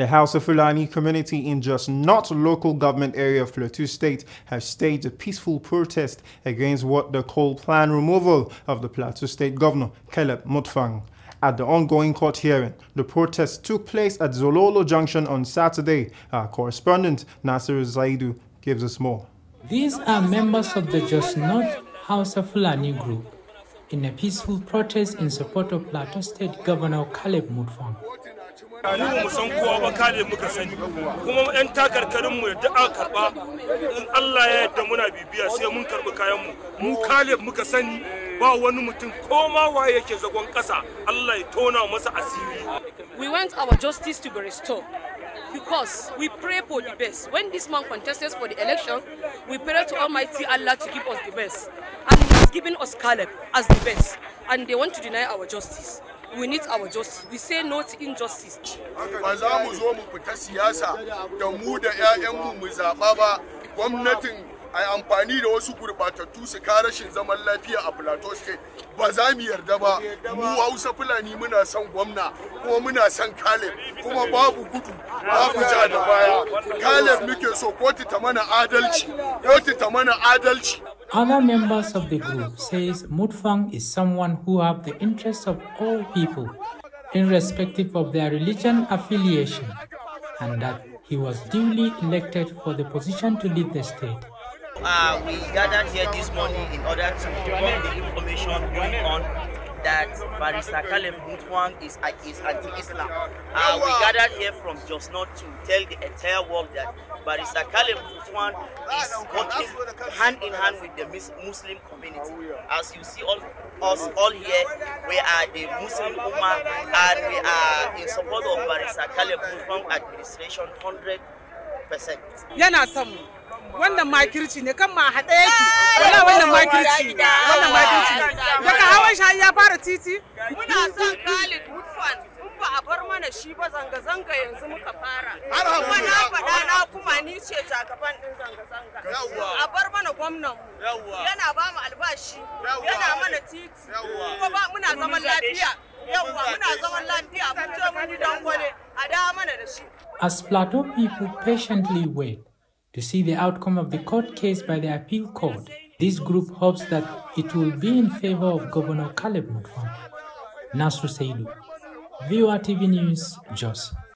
The Hausa Fulani community in just not local government area of Plateau State have staged a peaceful protest against what they call plan removal of the Plateau State Governor, Caleb Mutfang. At the ongoing court hearing, the protest took place at Zololo Junction on Saturday. Our correspondent, Nasser Zaidu, gives us more. These are members of the Just Not House of Fulani group in a peaceful protest in support of Plateau State Governor Caleb Mutfang. mu mu san kowa ba kale muka sani kuma yan takarkarin mu da aka karba in Allah ya yarda muna bibiya sai mun karbi kayan mu mu kale muka sani ba wani mutum ko ma waye yake zagon kasa Allah ya tona masa asiri we want our justice to be restored because we pray for the best. When this man contested for the election, we pray to Almighty Allah to give us the best. And He has given us Caleb as the best. And they want to deny our justice. we need our justice we say no to injustice ba za mu zo mu fita siyasa da mu da ƴaƴan mu mu zaɓa ba gwamnatin a amfani da wasu gurbatattu su rashin zaman lafiya a plateau state ba za mu yarda ba mu hausa fulani muna son gwamna kuma muna son kaleb kuma babu gudu babu ja da baya kaleb muke so kotu ta mana adalci kotu ta mana adalci Other members of the group says Mutfang is someone who have the interests of all people, irrespective of their religion affiliation, and that he was duly elected for the position to lead the state. Uh, we gathered here this morning in order to get the information going on that Barrister Caleb Mutwang is, uh, is anti-Islam. Uh, we gathered here from just not to tell the entire world that Barrister Caleb Mutwang ah, is working hand in hand with the Muslim community. Oh, As you see all us all here, we are the Muslim Ummah and we are in support of Barrister Caleb Mutwang administration 100%. Yana samu. wannan makirci ne kan ma haɗe yake wannan makirci wannan makirci titi? Muna son Khalid Woodfan in ba a bar mana shi ba zanga-zanga yanzu muka fara. Kuma na faɗa na kuma ni ce jagaban ɗin zanga-zanga. A bar mana gwamnan mu. Yana ba mu albashi. Yana mana titi. Kuma ba muna zaman lafiya. Yawwa muna zaman lafiya mun je mun yi dangwale a da mana da shi. As plateau people patiently wait to see the outcome of the court case by the appeal court, This group hopes that it will be in favor of Governor Caleb Mutfam. Nasru Seidu, VOA TV News, Jos.